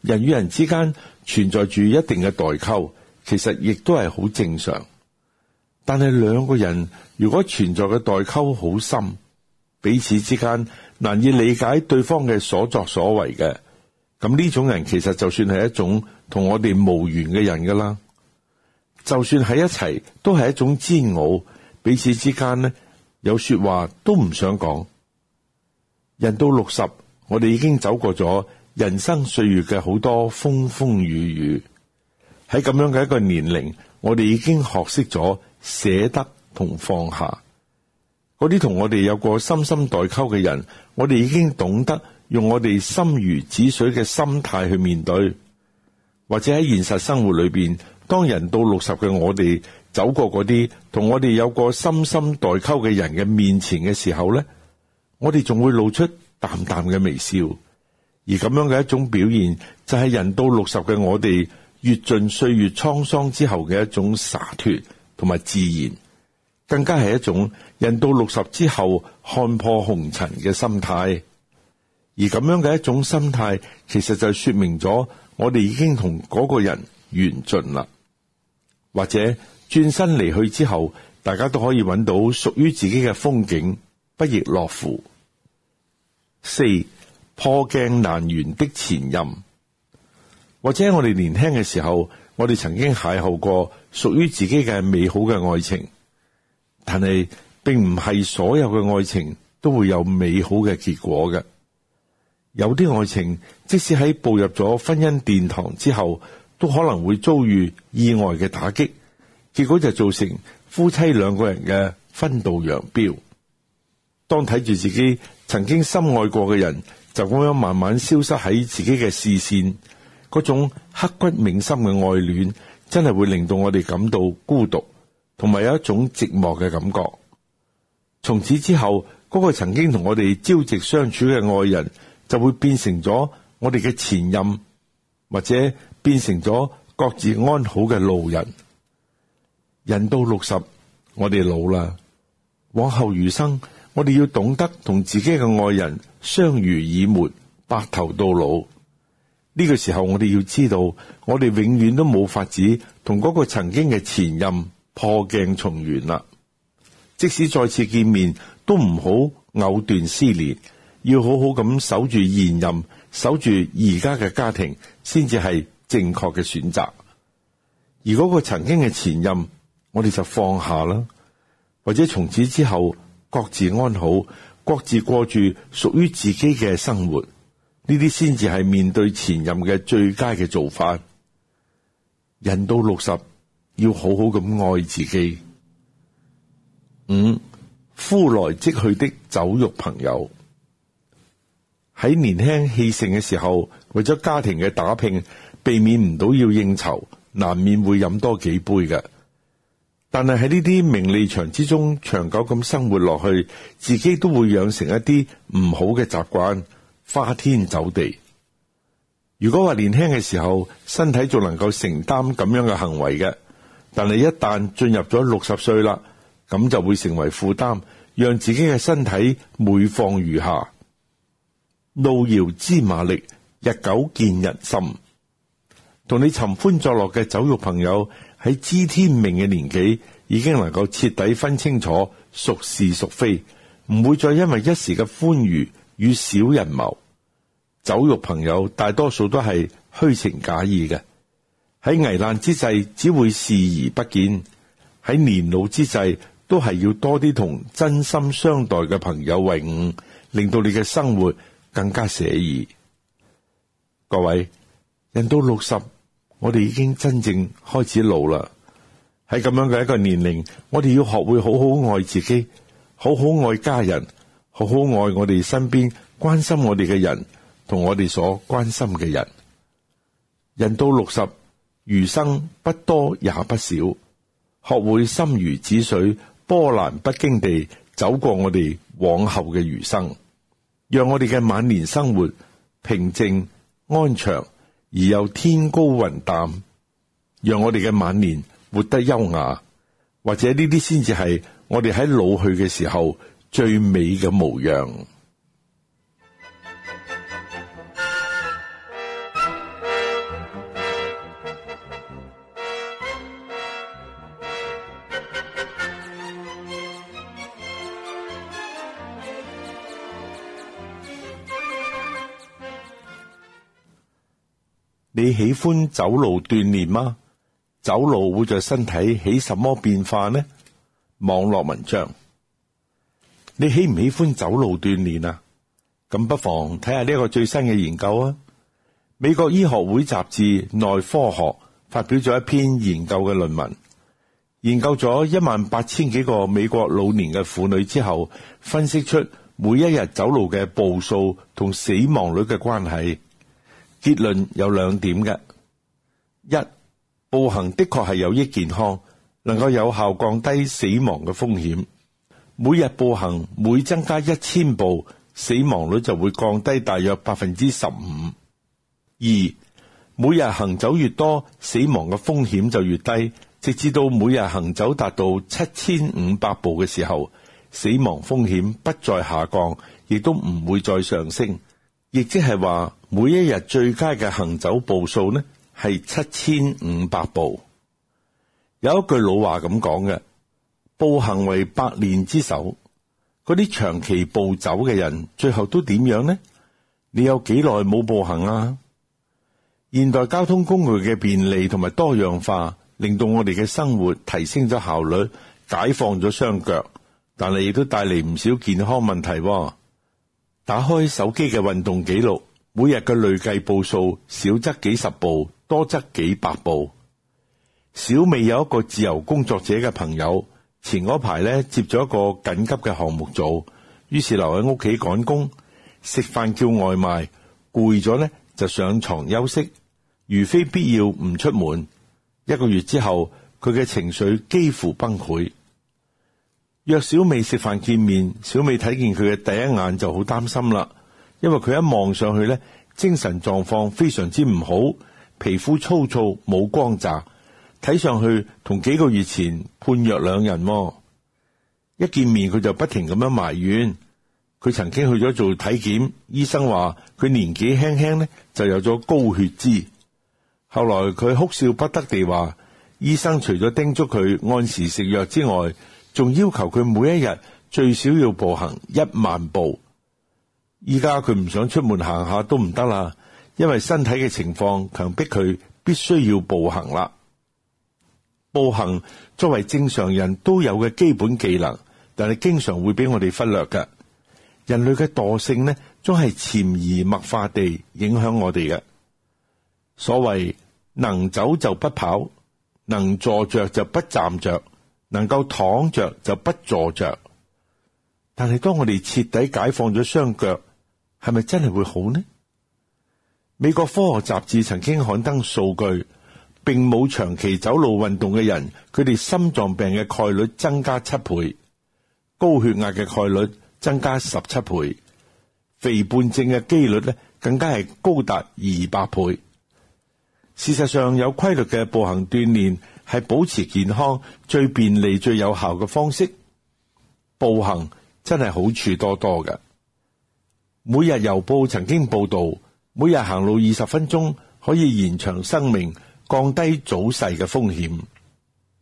人與人之間存在住一定嘅代溝，其實亦都係好正常。但係兩個人如果存在嘅代溝好深，彼此之間難以理解對方嘅所作所為嘅，咁呢種人其實就算係一種同我哋無緣嘅人㗎喇。就算喺一齊，都係一種煎熬。彼此之間呢，有說話都唔想講。人到六十，我哋已經走過咗人生歲月嘅好多風風雨雨。喺咁樣嘅一個年齡，我哋已經學識咗捨得同放下。嗰啲同我哋有過深深代溝嘅人，我哋已經懂得用我哋心如止水嘅心態去面對，或者喺現實生活裏邊。當人到六十嘅我哋走過嗰啲同我哋有個深深代溝嘅人嘅面前嘅時候咧，我哋仲會露出淡淡嘅微笑。而咁樣嘅一種表現就係人到六十嘅我哋越盡歲月滄桑之後嘅一種灑脫同埋自然，更加係一種人到六十之後看破紅塵嘅心態。而咁樣嘅一種心態，其實就說明咗我哋已經同嗰個人。緣盡啦，或者轉身離去之後，大家都可以揾到屬於自己嘅風景，不亦樂乎。四、破鏡難圓的前任，或者我哋年輕嘅時候，我哋曾經邂逅過屬於自己嘅美好嘅愛情，但係並唔係所有嘅愛情都會有美好嘅結果嘅，有啲愛情即使喺步入咗婚姻殿堂之後。都可能會遭遇意外嘅打擊，結果就造成夫妻兩個人嘅分道揚鑣。當睇住自己曾經深愛過嘅人，就咁樣慢慢消失喺自己嘅視線，嗰種刻骨銘心嘅愛戀，真係會令到我哋感到孤獨，同埋有一種寂寞嘅感覺。從此之後，嗰個曾經同我哋朝夕相處嘅愛人，就會變成咗我哋嘅前任。或者變成咗各自安好嘅路人。人到六十，我哋老啦。往後餘生，我哋要懂得同自己嘅愛人相濡以沫，白頭到老。呢個時候，我哋要知道，我哋永遠都冇法子同嗰個曾經嘅前任破鏡重圓啦。即使再次見面，都唔好藕斷絲連，要好好咁守住現任，守住而家嘅家庭。先至係正確嘅選擇，而嗰個曾經嘅前任，我哋就放下啦，或者從此之後各自安好，各自過住屬於自己嘅生活，呢啲先至係面對前任嘅最佳嘅做法。人到六十，要好好咁愛自己。五，呼來即去的酒肉朋友，喺年輕氣盛嘅時候，為咗家庭嘅打拼，避免唔到要應酬，難免會飲多幾杯嘅。但係喺呢啲名利場之中，長久咁生活落去，自己都會養成一啲唔好嘅習慣，花天酒地。如果話年輕嘅時候，身體仲能夠承擔咁樣嘅行為嘅，但係一旦進入咗六十歲啦，咁就會成為負擔，讓自己嘅身體每況愈下，路遙知馬力。日久見人心，同你尋歡作樂嘅酒肉朋友喺知天命嘅年紀，已經能夠徹底分清楚孰是孰非，唔會再因為一時嘅歡愉與小人謀。酒肉朋友大多數都係虛情假意嘅，喺危難之際只會視而不見；喺年老之際都係要多啲同真心相待嘅朋友為伍，令到你嘅生活更加寫意。各位，人到六十，我哋已經真正開始老啦，喺咁樣嘅一個年齡，我哋要學會好好愛自己，好好愛家人，好好愛我哋身邊關心我哋嘅人，同我哋所關心嘅人。人到六十，餘生不多也不少，學會心如止水，波瀾不驚地走過我哋往後嘅餘生，讓我哋嘅晚年生活平靜。安詳而又天高雲淡，讓我哋嘅晚年活得優雅，或者呢啲先至係我哋喺老去嘅時候最美嘅模樣。你喜歡走路鍛煉嗎？走路會在身體起什麼變化呢？網絡文章，你喜唔喜歡走路鍛煉啊？咁不妨睇下呢個最新嘅研究啊！美國醫學會雜誌《內科學》發表咗一篇研究嘅論文，研究咗一萬八千幾個美國老年嘅婦女之後，分析出每一日走路嘅步數同死亡率嘅關係。結論有兩點嘅：一，步行的確係有益健康，能夠有效降低死亡嘅風險。每日步行每增加一千步，死亡率就會降低大約百分之十五。二，每日行走越多，死亡嘅風險就越低，直至到每日行走達到七千五百步嘅時候，死亡風險不再下降，亦都唔會再上升。亦即係話，每一日最佳嘅行走步數呢，係七千五百步。有一句老話咁講嘅，步行為百年之首。嗰啲長期步走嘅人，最後都點樣呢？你有幾耐冇步行啊？現代交通工具嘅便利同埋多樣化，令到我哋嘅生活提升咗效率，解放咗雙腳，但係亦都帶嚟唔少健康問題。打開手機嘅運動記錄，每日嘅累計步數少則幾十步，多則幾百步。小美有一個自由工作者嘅朋友，前嗰排咧接咗一個緊急嘅項目做，於是留喺屋企趕工，食飯叫外賣，攰咗咧就上床休息，如非必要唔出門。一個月之後，佢嘅情緒幾乎崩潰。約小美食飯見面，小美睇見佢嘅第一眼就好擔心啦，因為佢一望上去咧，精神狀況非常之唔好，皮膚粗糙冇光澤，睇上去同幾個月前判若兩人。一見面佢就不停咁樣埋怨，佢曾經去咗做體檢，醫生話佢年紀輕輕咧就有咗高血脂。後來佢哭笑不得地話，醫生除咗叮囑佢按時食藥之外。仲要求佢每一日最少要步行一萬步。依家，佢唔想出門行下都唔得啦，因為身體嘅情況強迫佢必須要步行啦。步行作為正常人都有嘅基本技能，但係經常會俾我哋忽略嘅。人類嘅惰性呢，總係潛移默化地影響我哋嘅。所謂能走就不跑，能坐着就不站着。能夠躺着就不坐著。但係當我哋徹底解放咗雙腳，係咪真係會好呢？美國科學雜誌曾經刊登數據，並冇長期走路運動嘅人，佢哋心臟病嘅概率增加七倍，高血壓嘅概率增加十七倍，肥胖症嘅幾率呢，更加係高達二百倍。事實上，有規律嘅步行鍛煉，係保持健康最便利、最有效嘅方式，步行真係好處多多㗎。每日郵報曾經報道，每日行路二十分鐘可以延長生命、降低早逝嘅風險。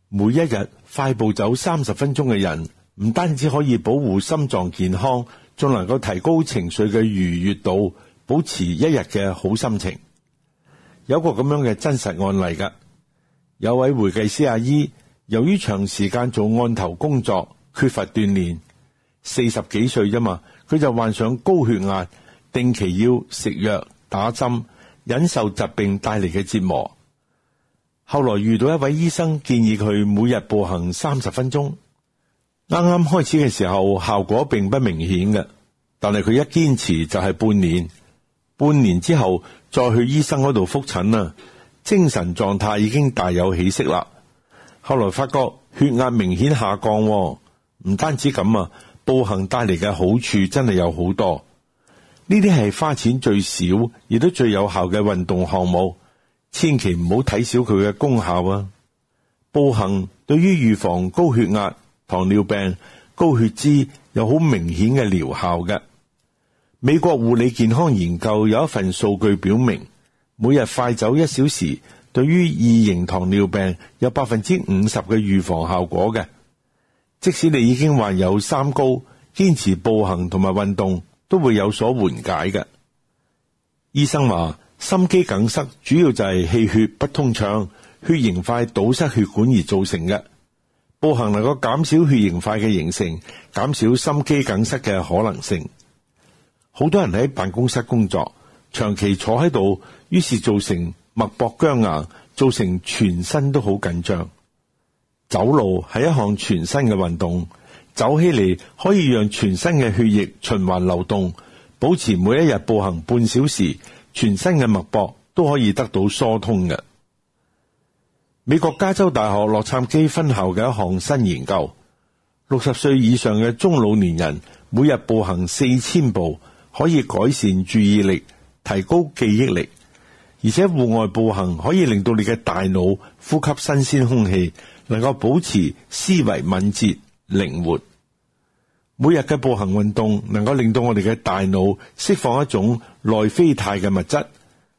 每一日快步走三十分鐘嘅人，唔單止可以保護心臟健康，仲能夠提高情緒嘅愉悅度，保持一日嘅好心情。有個咁樣嘅真實案例噶。有位會計師阿姨，由於長時間做案頭工作，缺乏鍛煉，四十幾歲啫嘛，佢就患上高血壓，定期要食藥、打針，忍受疾病帶嚟嘅折磨。後來遇到一位醫生建議佢每日步行三十分鐘，啱啱開始嘅時候效果並不明顯嘅，但係佢一堅持就係半年，半年之後再去醫生嗰度復診啦。精神狀態已經大有起色啦。後來發覺血壓明顯下降喎，唔單止咁啊，步行帶嚟嘅好處真係有好多。呢啲係花錢最少，亦都最有效嘅運動項目，千祈唔好睇小佢嘅功效啊！步行對於預防高血壓、糖尿病、高血脂有好明顯嘅療效嘅。美國護理健康研究有一份數據表明。每日快走一小時，對於二型糖尿病有百分之五十嘅預防效果嘅。即使你已經患有三高，堅持步行同埋運動都會有所緩解嘅。醫生話：心肌梗塞主要就係氣血不通暢、血凝塊堵塞血管而造成嘅。步行能夠減少血凝塊嘅形成，減少心肌梗塞嘅可能性。好多人喺辦公室工作，長期坐喺度。於是造成脈搏僵硬，造成全身都好緊張。走路係一項全新嘅運動，走起嚟可以讓全身嘅血液循環流動，保持每一日步行半小時，全身嘅脈搏都可以得到疏通嘅。美國加州大學洛杉磯分校嘅一項新研究，六十歲以上嘅中老年人每日步行四千步，可以改善注意力，提高記憶力。而且戶外步行可以令到你嘅大腦呼吸新鮮空氣，能夠保持思維敏捷靈活。每日嘅步行運動能夠令到我哋嘅大腦釋放一種內啡肽嘅物質，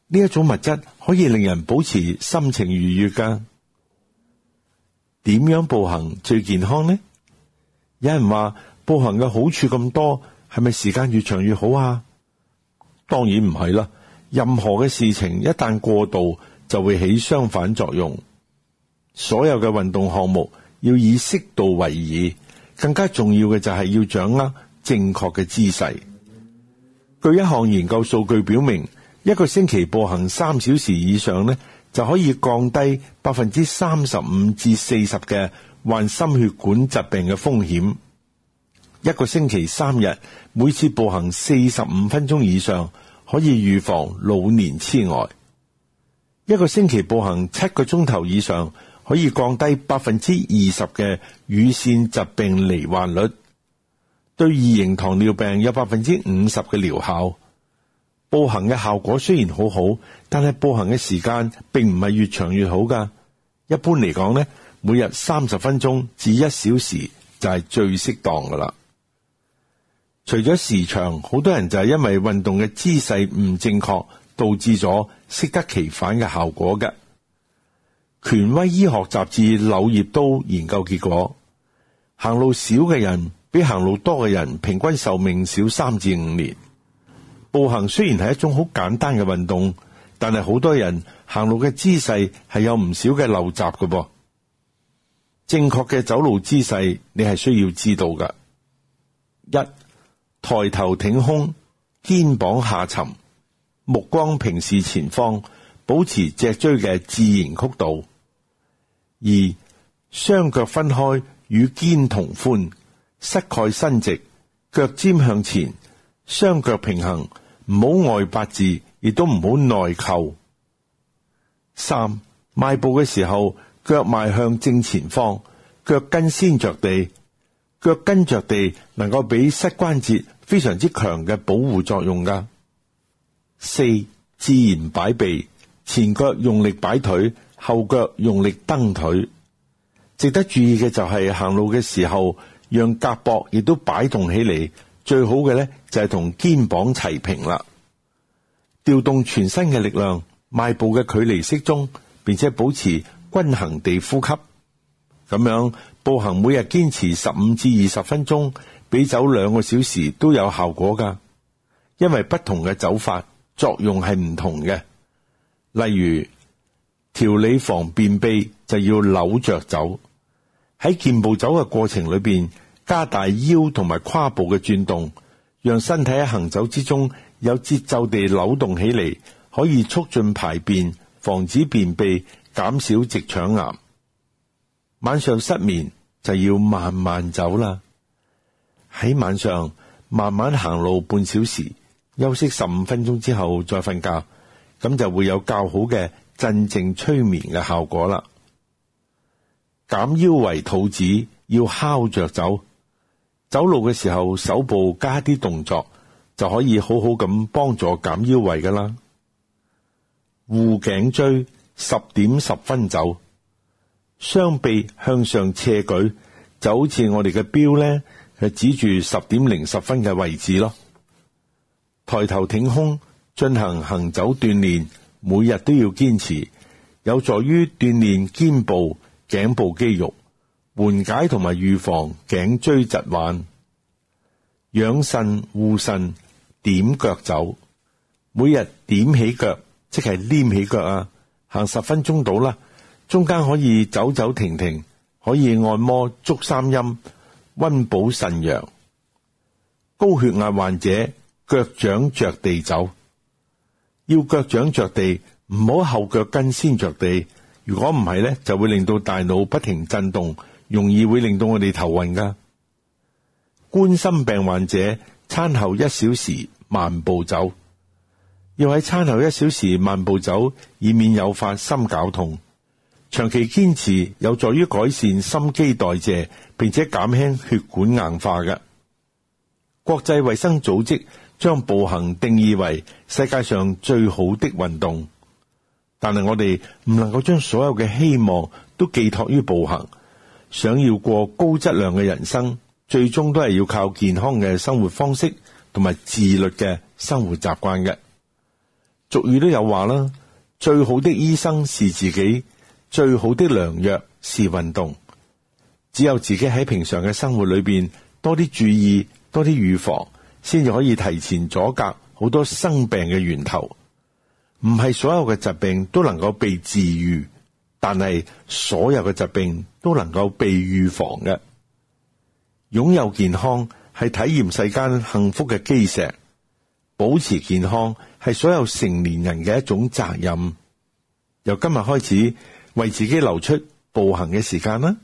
呢一種物質可以令人保持心情愉悦㗎。點樣步行最健康呢？有人話步行嘅好處咁多，係咪時間越長越好啊？當然唔係啦。任何嘅事情一旦過度就會起相反作用。所有嘅運動項目要以適度為宜，更加重要嘅就係要掌握正確嘅姿勢。據一項研究數據表明，一個星期步行三小時以上呢，就可以降低百分之三十五至四十嘅患心血管疾病嘅風險。一個星期三日，每次步行四十五分鐘以上。可以預防老年痴呆。一個星期步行七個鐘頭以上，可以降低百分之二十嘅乳腺疾病罹患率。對二型糖尿病有百分之五十嘅療效。步行嘅效果雖然好好，但係步行嘅時間並唔係越長越好噶。一般嚟講呢，每日三十分鐘至一小時就係最適當噶啦。除咗時長，好多人就係因為運動嘅姿勢唔正確，導致咗適得其反嘅效果嘅。權威醫學雜誌《柳葉刀》都研究結果，行路少嘅人比行路多嘅人平均壽命少三至五年。步行雖然係一種好簡單嘅運動，但係好多人行路嘅姿勢係有唔少嘅陋習嘅噃。正確嘅走路姿勢，你係需要知道嘅。一，抬頭挺胸，肩膀下沉，目光平視前方，保持脊椎嘅自然曲度。二，雙腳分開與肩同寬，膝蓋伸直，腳尖向前，雙腳平衡，唔好外八字，亦都唔好內扣。三，邁步嘅時候，腳邁向正前方，腳跟先着地。腳跟着地，能夠俾膝關節非常之強嘅保護作用噶。四，自然擺臂，前腳用力擺腿，後腳用力蹬腿。值得注意嘅就係行路嘅時候，讓胳膊亦都擺動起嚟。最好嘅咧就係同肩膀齊平啦。調動全身嘅力量，邁步嘅距離適中，並且保持均衡地呼吸。咁樣。步行每日堅持十五至二十分鐘，比走兩個小時都有效果噶因為不同嘅走法作用係唔同嘅，例如調理防便秘就要扭著走。喺健步走嘅過程裏邊，加大腰同埋胯部嘅轉動，讓身體喺行走之中有節奏地扭動起嚟，可以促進排便，防止便秘，減少直腸癌。晚上失眠就要慢慢走啦，喺晚上慢慢行路半小時，休息十五分鐘之後再瞓覺，咁就會有較好嘅鎮靜催眠嘅效果啦。減腰圍肚子要敲着走，走路嘅時候手部加啲動作，就可以好好咁幫助減腰圍噶啦。護頸椎十點十分走。雙臂向上斜舉，就好似我哋嘅錶呢，係指住十點零十分嘅位置咯。抬頭挺胸，進行行走鍛煉，每日都要堅持，有助於鍛煉肩部、頸部肌肉，緩解同埋預防頸椎疾患。養腎護腎，點腳走，每日點起腳，即係踮起腳啊，行十分鐘到啦。中間可以走走停停，可以按摩足三陰，溫補腎陽。高血壓患者腳掌着地走，要腳掌着地，唔好後腳跟先着地。如果唔係呢，就會令到大腦不停震動，容易會令到我哋頭暈噶。冠心病患者餐後一小時慢步走，要喺餐後一小時慢步走，以免誘發心絞痛。長期堅持有助於改善心肌代謝，並且減輕血管硬化嘅。國際衛生組織將步行定義為世界上最好的運動。但係我哋唔能夠將所有嘅希望都寄託於步行。想要過高質量嘅人生，最終都係要靠健康嘅生活方式同埋自律嘅生活習慣嘅。俗語都有話啦，最好的醫生是自己。最好的良藥是運動，只有自己喺平常嘅生活裏邊多啲注意，多啲預防，先至可以提前阻隔好多生病嘅源頭。唔係所有嘅疾病都能夠被治癒，但係所有嘅疾病都能夠被預防嘅。擁有健康係體驗世間幸福嘅基石，保持健康係所有成年人嘅一種責任。由今日開始。為自己留出步行嘅時間啦。